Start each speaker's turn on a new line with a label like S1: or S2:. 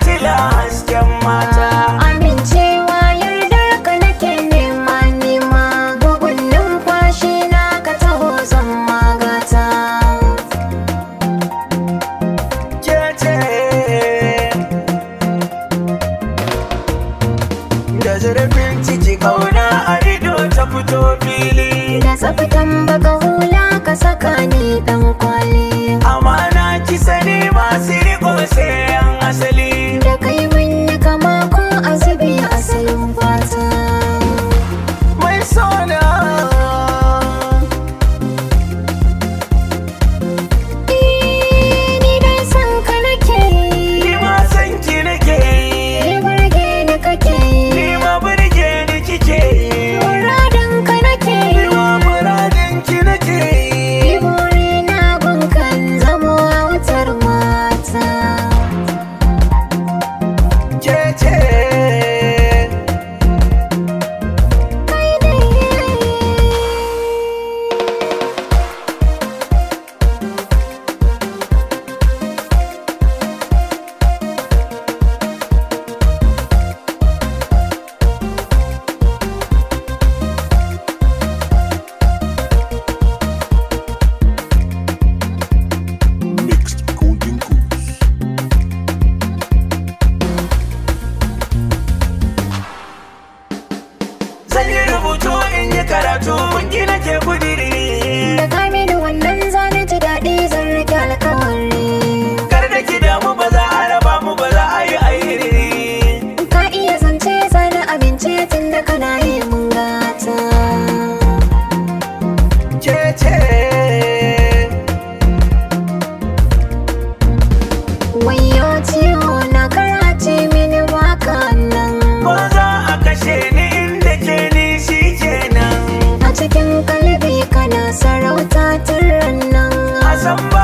S1: fitila hasken mata amincewa yarda ka nake nema nema bugun numfashi na ka taho zan magata kece da zarafin ciki kauna a ido ta fito fili da tsaftan baka hula ka saka ni dan kwali cece wayo ciwo na karace mini waka nan ko za a kashe ni inda ke ni shi kenan a cikin kalbi kana sarauta tun nan